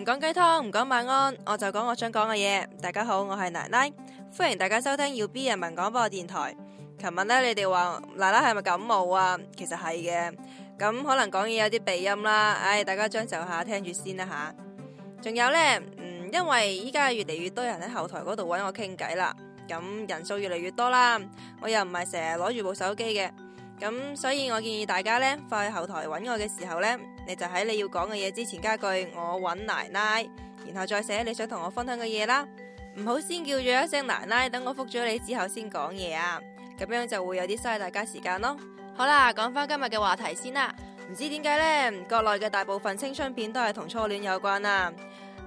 唔講雞湯，唔講晚安，我就講我想講嘅嘢。大家好，我係奶奶，歡迎大家收聽耀 B 人民廣播電台。琴日呢，你哋話奶奶係咪感冒啊？其實係嘅，咁可能講嘢有啲鼻音啦。唉、哎，大家將就下聽住先啦吓。仲有呢，嗯，因為依家越嚟越多人喺後台嗰度揾我傾偈啦，咁人數越嚟越多啦，我又唔係成日攞住部手機嘅。咁所以我建議大家呢，快去後台揾我嘅時候呢，你就喺你要講嘅嘢之前加句我揾奶奶，然後再寫你想同我分享嘅嘢啦。唔好先叫咗一聲奶奶，等我復咗你之後先講嘢啊，咁樣就會有啲嘥大家時間咯。好啦，講翻今日嘅話題先啦，唔知點解呢，國內嘅大部分青春片都係同初戀有關啦啊。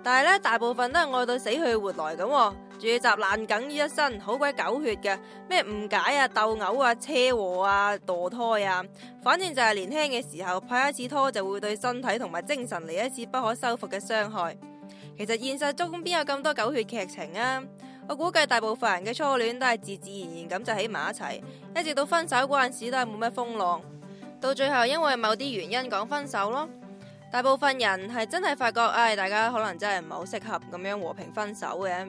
但係咧，大部分都係愛到死去活來咁喎，仲要集爛梗於一身，好鬼狗血嘅，咩誤解啊、鬥毆啊、車禍啊、墮胎啊，反正就係年輕嘅時候拍一次拖就會對身體同埋精神嚟一次不可修復嘅傷害。其實現實中邊有咁多狗血劇情啊？我估計大部分人嘅初戀都係自自然然咁就喺埋一齊，一直到分手嗰陣時都係冇咩風浪，到最後因為某啲原因講分手咯。大部分人係真係發覺，唉，哎，大家可能真係唔係好適合咁樣和平分手嘅，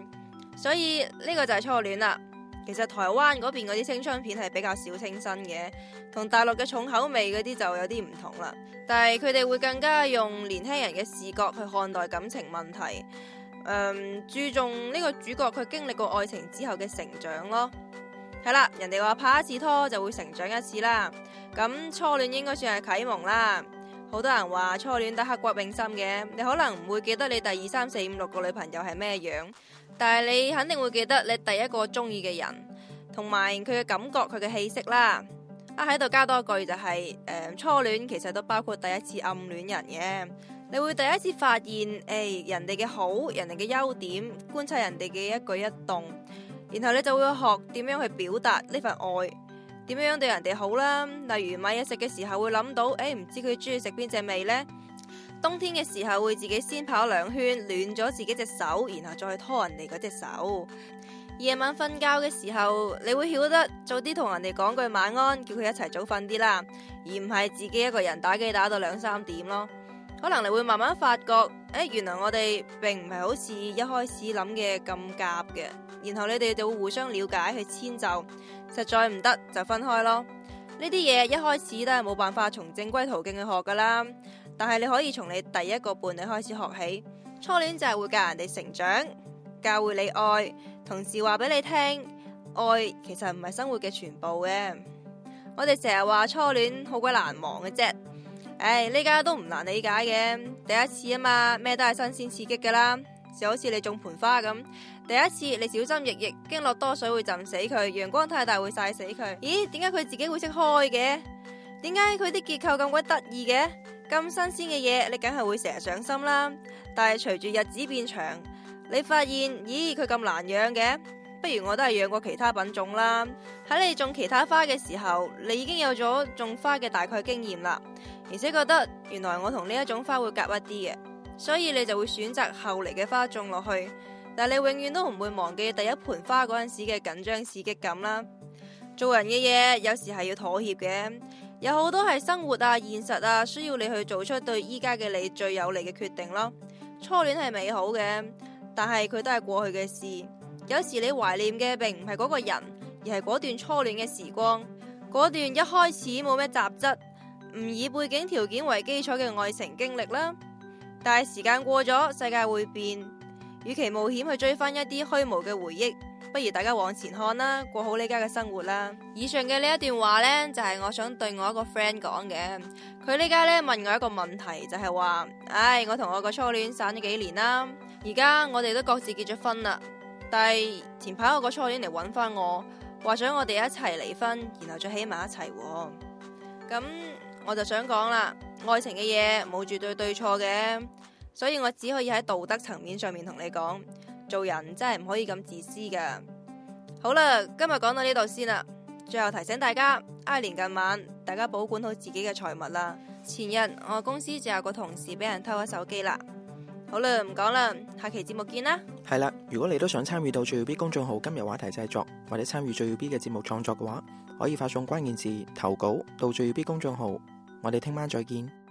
所以呢個就係初戀啦。其實台灣嗰邊嗰啲青春片係比較小清新嘅，同大陸嘅重口味嗰啲就有啲唔同啦。但係佢哋會更加用年輕人嘅視角去看待感情問題，嗯，注重呢個主角佢經歷過愛情之後嘅成長咯。係啦，人哋話拍一次拖就會成長一次啦，咁初戀應該算係啟蒙啦。好多人話初戀得刻骨銘心嘅，你可能唔會記得你第二三四五六個女朋友係咩樣，但係你肯定會記得你第一個中意嘅人，同埋佢嘅感覺、佢嘅氣息啦。啊喺度加多句就係，誒初戀其實都包括第一次暗戀人嘅，你會第一次發現誒人哋嘅好、人哋嘅優點，觀察人哋嘅一舉一動，然後你就會學點樣去表達呢份愛。點樣樣對人哋好啦？例如買嘢食嘅時候會諗到，誒、欸、唔知佢中意食邊隻味呢？冬天嘅時候會自己先跑兩圈暖咗自己隻手，然後再去拖人哋嗰隻手。夜晚瞓覺嘅時候，你會曉得早啲同人哋講句晚安，叫佢一齊早瞓啲啦，而唔係自己一個人打機打到兩三點咯。可能你會慢慢發覺，誒、哎，原來我哋並唔係好似一開始諗嘅咁夾嘅，然後你哋就會互相了解去遷就，實在唔得就分開咯。呢啲嘢一開始都係冇辦法從正規途徑去學㗎啦，但係你可以從你第一個伴侶開始學起。初戀就係會教人哋成長，教會你愛，同時話俾你聽，愛其實唔係生活嘅全部嘅。我哋成日話初戀好鬼難忘嘅啫。唉，呢家都唔難理解嘅，第一次啊嘛，咩都係新鮮刺激噶啦。就好似你種盆花咁，第一次你小心翼翼，驚落多水會浸死佢，陽光太大會曬死佢。咦，點解佢自己會識開嘅？點解佢啲結構咁鬼得意嘅？咁新鮮嘅嘢，你梗係會成日上心啦。但係隨住日子變長，你發現咦，佢咁難養嘅？不如我都係養過其他品種啦。喺你種其他花嘅時候，你已經有咗種花嘅大概經驗啦。而且覺得原來我同呢一種花會夾一啲嘅，所以你就會選擇後嚟嘅花種落去。但係你永遠都唔會忘記第一盆花嗰陣時嘅緊張刺激感啦。做人嘅嘢有時係要妥協嘅，有好多係生活啊、現實啊需要你去做出對依家嘅你最有利嘅決定咯。初戀係美好嘅，但係佢都係過去嘅事。有時你懷念嘅並唔係嗰個人，而係嗰段初戀嘅時光，嗰段一開始冇咩雜質，唔以背景條件為基礎嘅愛情經歷啦，但係時間過咗，世界會變。與其冒險去追翻一啲虛無嘅回憶，不如大家往前看啦，過好呢家嘅生活啦。以上嘅呢一段話呢，就係我想對我一個 friend 講嘅。佢呢家呢問我一個問題，就係話：唉，我同我個初戀散咗幾年啦，而家我哋都各自結咗婚啦。但係前排我個初戀嚟搵翻我，話想我哋一齊離婚，然後再起埋一齊。咁。我就想講啦，愛情嘅嘢，冇絕對對錯嘅，所以我只可以喺道德層面上面同你講，做人真係唔可以咁自私㗎。好啦，今日講到呢度先啦。最後提醒大家，挨年近晚大家保管好自己嘅財物啦。前日我公司就有個同事俾人偷咗手機啦。好啦，唔講啦，下期節目見啦。係啦， 如果你都想參與到最耀 B 公眾號今日話題製作，或者參與最耀 B 嘅節目創作嘅話，可以發送關鍵字投稿到最耀 B 公眾號。我哋聽晚再見。